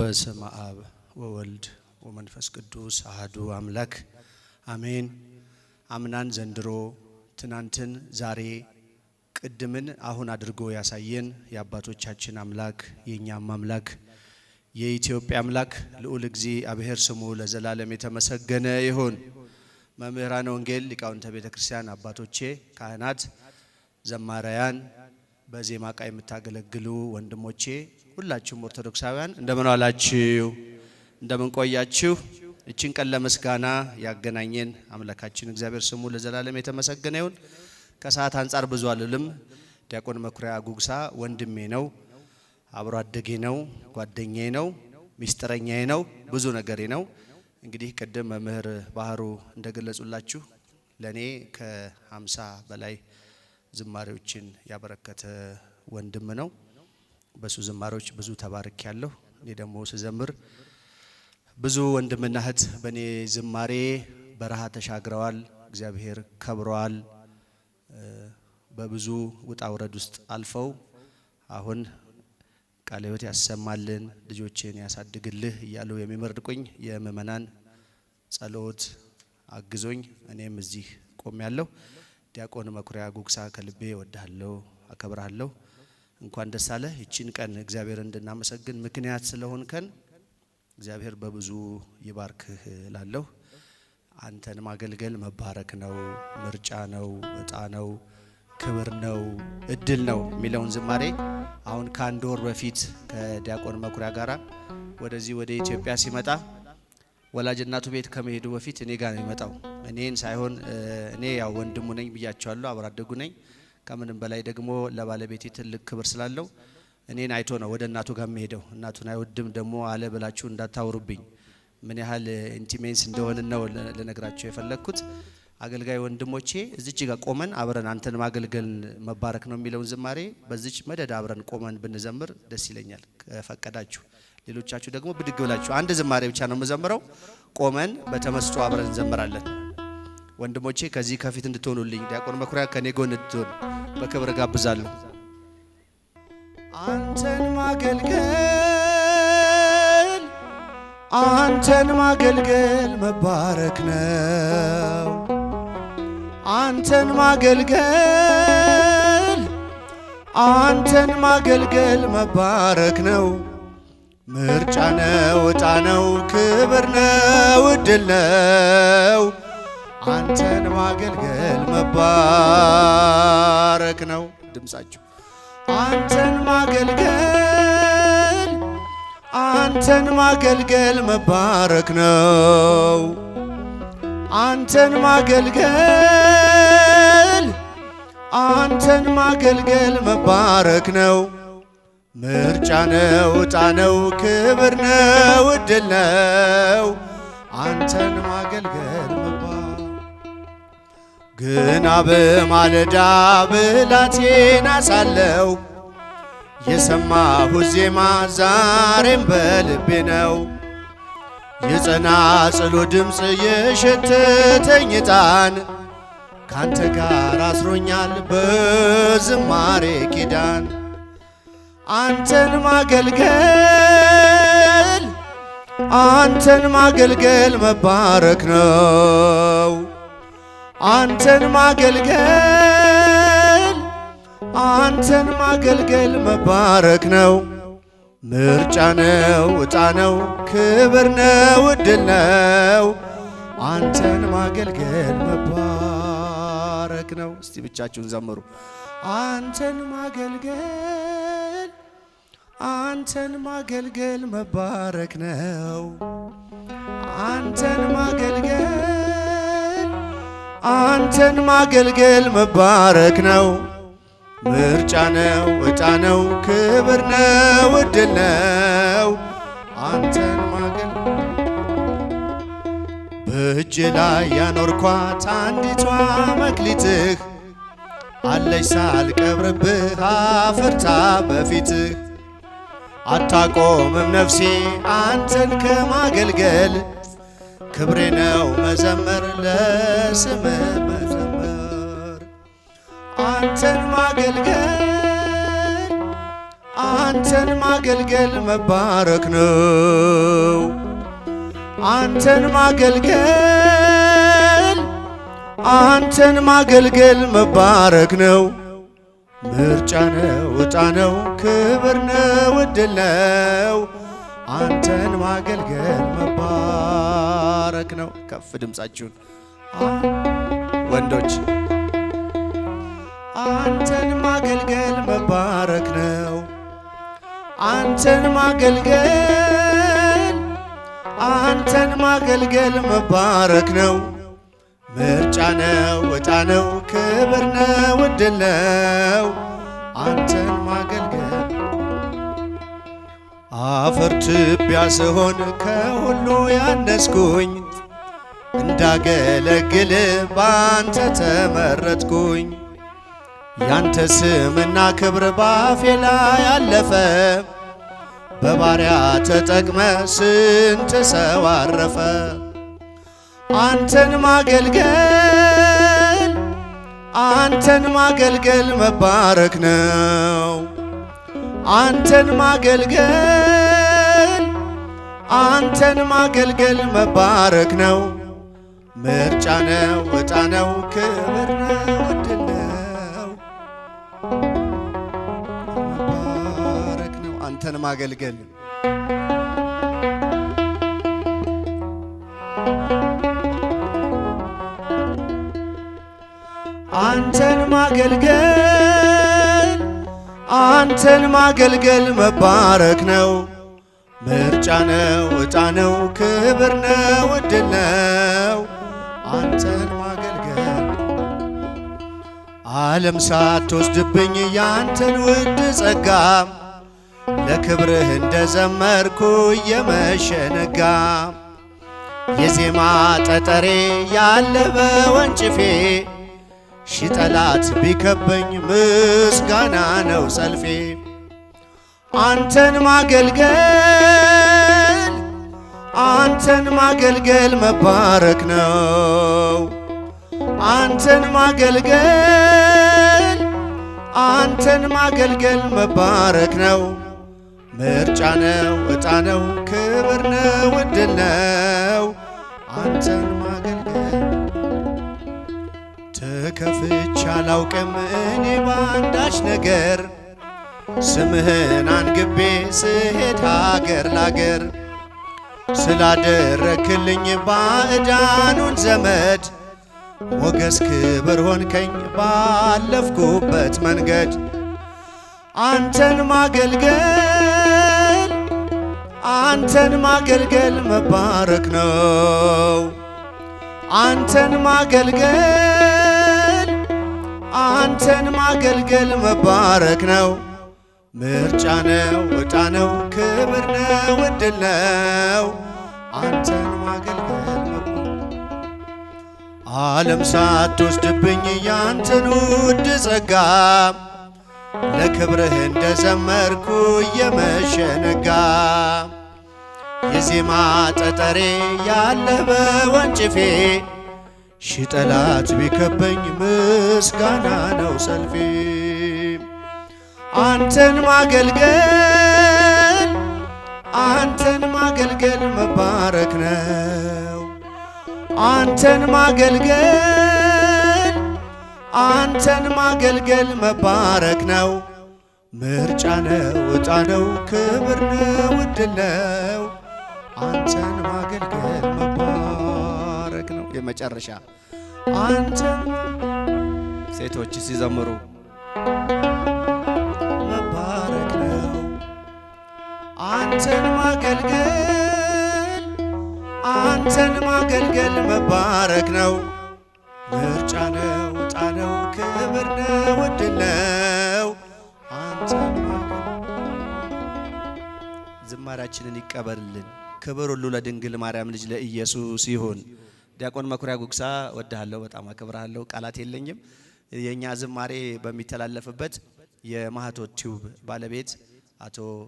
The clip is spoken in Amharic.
በስመ አብ ወወልድ ወመንፈስ ቅዱስ አህዱ አምላክ አሜን። አምናን ዘንድሮ፣ ትናንትን ዛሬ፣ ቅድምን አሁን አድርጎ ያሳየን የአባቶቻችን አምላክ የእኛም አምላክ የኢትዮጵያ አምላክ ልዑል እግዚአብሔር ስሙ ለዘላለም የተመሰገነ ይሁን። መምህራን ወንጌል፣ ሊቃውንተ ቤተ ክርስቲያን፣ አባቶቼ ካህናት፣ ዘማራያን በዜማ ዕቃ የምታገለግሉ ወንድሞቼ ሁላችሁም ኦርቶዶክሳውያን እንደምን አላችሁ? እንደምን ቆያችሁ? እችን ቀን ለምስጋና ያገናኘን አምላካችን እግዚአብሔር ስሙ ለዘላለም የተመሰገነ ይሁን። ከሰዓት አንጻር ብዙ አልልም። ዲያቆን መኩሪያ ጉግሳ ወንድሜ ነው፣ አብሮ አደጌ ነው፣ ጓደኛዬ ነው፣ ሚስጥረኛዬ ነው፣ ብዙ ነገሬ ነው። እንግዲህ ቅድም መምህር ባህሩ እንደገለጹላችሁ ለእኔ ከ50 በላይ ዝማሬዎችን ያበረከተ ወንድም ነው። በሱ ዝማሬዎች ብዙ ተባርክ ያለሁ። እኔ ደግሞ ስዘምር ብዙ ወንድምና እህት በእኔ ዝማሬ በረሃ ተሻግረዋል፣ እግዚአብሔር ከብረዋል። በብዙ ውጣ ውረድ ውስጥ አልፈው አሁን ቃለ ሕይወት ያሰማልን፣ ልጆችን ያሳድግልህ እያሉ የሚመርቁኝ የምእመናን ጸሎት አግዞኝ እኔም እዚህ ቆሜ ያለሁ። ዲያቆን መኩሪያ ጉግሳ ከልቤ እወድሃለሁ፣ አከብራለሁ። እንኳን ደስ አለ ይችን ቀን እግዚአብሔር እንድናመሰግን ምክንያት ስለሆንከን እግዚአብሔር በብዙ ይባርክህ ላለሁ አንተን ማገልገል መባረክ ነው፣ ምርጫ ነው፣ እጣ ነው፣ ክብር ነው፣ እድል ነው የሚለውን ዝማሬ አሁን ከአንድ ወር በፊት ከዲያቆን መኩሪያ ጋር ወደዚህ ወደ ኢትዮጵያ ሲመጣ ወላጅ እናቱ ቤት ከመሄዱ በፊት እኔ ጋር ነው የሚመጣው። እኔን ሳይሆን እኔ ያው ወንድሙ ነኝ ብያቸዋለሁ፣ አብራደጉ ነኝ ከምንም በላይ ደግሞ ለባለቤቴ ትልቅ ክብር ስላለው እኔን አይቶ ነው ወደ እናቱ ጋር የሚሄደው። እናቱን አይወድም ደግሞ አለ ብላችሁ እንዳታወሩብኝ ምን ያህል ኢንቲሜንስ እንደሆን ነው ልነግራቸው የፈለግኩት። አገልጋይ ወንድሞቼ እዚች ጋር ቆመን አብረን አንተን ማገልገል መባረክ ነው የሚለውን ዝማሬ በዚች መደድ አብረን ቆመን ብንዘምር ደስ ይለኛል ከፈቀዳችሁ። ሌሎቻችሁ ደግሞ ብድግ ብላችሁ አንድ ዝማሬ ብቻ ነው የምዘምረው። ቆመን በተመስጦ አብረን እንዘምራለን። ወንድሞቼ ከዚህ ከፊት እንድትሆኑልኝ ዲያቆን መኩሪያ ከኔ ጎን እንድትሆን በክብር ጋብዛለሁ። አንተን ማገልገል አንተን ማገልገል መባረክ ነው። አንተን ማገልገል አንተን ማገልገል መባረክ ነው። ምርጫ ነው፣ ዕጣ ነው፣ ክብር ነው፣ እድል ነው። አንተን ማገልገል መባረክ ነው። ድምፃችሁ አንተን ማገልገል አንተን ማገልገል መባረክ ነው። አንተን ማገልገል አንተን ማገልገል መባረክ ነው። ምርጫ ነው፣ ዕጣ ነው፣ ክብር ነው፣ ዕድል ነው አንተን ማገልገል ግና በማለዳ ብላቴን አሳለው የሰማሁት ዜማ ዛሬም በልቤ ነው። የጸናጽሉ ድምፅ የሸተተኝ ዕጣን ካንተ ጋር አስሮኛል በዝማሬ ኪዳን አንተን ማገልገል አንተን ማገልገል መባረክ ነው። አንተን ማገልገል አንተን ማገልገል መባረክ ነው፣ ምርጫ ነው፣ ዕጣ ነው፣ ክብር ነው፣ ዕድል ነው። አንተን ማገልገል መባረክ ነው። እስቲ ብቻችሁን ዘምሩ። አንተን ማገልገል አንተን ማገልገል መባረክ ነው። አንተን ማገልገል አንተን ማገልገል መባረክ ነው፣ ምርጫ ነው፣ ዕጣ ነው፣ ክብር ነው፣ እድል ነው። አንተን ማገልገል በእጅ ላይ ያኖርኳት አንዲቷ መክሊትህ አለች ሳልቀብርብህ አፍርታ በፊትህ አታቆምም ነፍሴ አንተን ከማገልገል ክብሬ ነው መዘመር ለስም መዘመር አንተን ማገልገል አንተን ማገልገል መባረክ ነው አንተን ማገልገል አንተን ማገልገል መባረክ ነው ምርጫ ነው ዕጣ ነው ክብር ነው እድል ነው አንተን ማገልገል መባረክ ነው። ከፍ ድምፃችሁን ወንዶች፣ አንተን ማገልገል መባረክ ነው። አንተን ማገልገል አንተን ማገልገል መባረክ ነው። ምርጫ ነው፣ ወጣ ነው፣ ክብር ነው፣ እድል ነው። አንተን አፈር ትቢያ ስሆን ከሁሉ ያነስኩኝ እንዳገለግል ባንተ ተመረጥኩኝ። ያንተ ስምና ክብር ባፌ ላይ አለፈ። በባሪያ ተጠቅመ ስንት ሰው አረፈ። አንተን ማገልገል አንተን ማገልገል መባረክ ነው። አንተን ማገልገል አንተን ማገልገል መባረክ ነው፣ ምርጫ ነው፣ ዕጣ ነው፣ ክብር ነው፣ እድል ነው፣ መባረክ ነው አንተን ማገልገል አንተን ማገልገል አንተን ማገልገል መባረክ ነው ምርጫ ነው ዕጣ ነው ክብር ነው እድል ነው አንተን ማገልገል ዓለም ሳትወስድብኝ ያንተን ውድ ጸጋም ለክብርህ እንደ ዘመርኩ እየመሸነጋ የዜማ ጠጠሬ ያለበ ወንጭፌ ሺ ጠላት ቢከበኝ ምስጋና ነው ሰልፌ አንተን ማገልገል አንተን ማገልገል መባረክ ነው። አንተን ማገልገል አንተን ማገልገል መባረክ ነው። ምርጫ ነው፣ እጣ ነው፣ ክብር ነው፣ ዕድል ነው። አንተን ማገልገል ተከፍቼ አላውቅም እኔ በአንዳች ነገር ስምህን አንግቤ ስሄድ ሀገር ላገር ስላደረክልኝ ባዕዳኑን ዘመድ ሞገስ ክብር ሆንከኝ ባለፍኩበት መንገድ አንተን ማገልገል አንተን ማገልገል መባረክ ነው። አንተን ማገልገል አንተን ማገልገል መባረክ ነው። ምርጫ ነው ወዳ ነው ክብር ነው እድል ነው አንተን ማገልገል ነው። ዓለም ሳትወስድብኝ ያንተን ውድ ጸጋ ለክብርህ እንደዘመርኩ እየመሸነጋ የዜማ ጠጠሬ ያለበ በወንጭፌ ሺ ጠላት ቢከበኝ ምስጋና ነው ሰልፌ አንተን ማገልገል አንተን ማገልገል መባረክ ነው። አንተን ማገልገል አንተን ማገልገል መባረክ ነው። ምርጫ ነው፣ ዕጣ ነው፣ ክብር ነው፣ ዕድል ነው። አንተን ማገልገል መባረክ ነው። የመጨረሻ አንተን ሴቶች ሲዘምሩ አንተን ማገልገል አንተን ማገልገል መባረክ ነው፣ ምርጫ ነው፣ ዕጣ ነው፣ ክብር ነው፣ ዕድል ነው። አንተን ዝማሪያችንን ይቀበልልን። ክብር ሁሉ ለድንግል ማርያም ልጅ ለኢየሱስ ይሁን። ዲያቆን መኩሪያ ጉግሳ ወድሃለሁ፣ በጣም አከብርሃለሁ፣ ቃላት የለኝም። የእኛ ዝማሬ በሚተላለፍበት የማህቶት ቲዩብ ባለቤት አቶ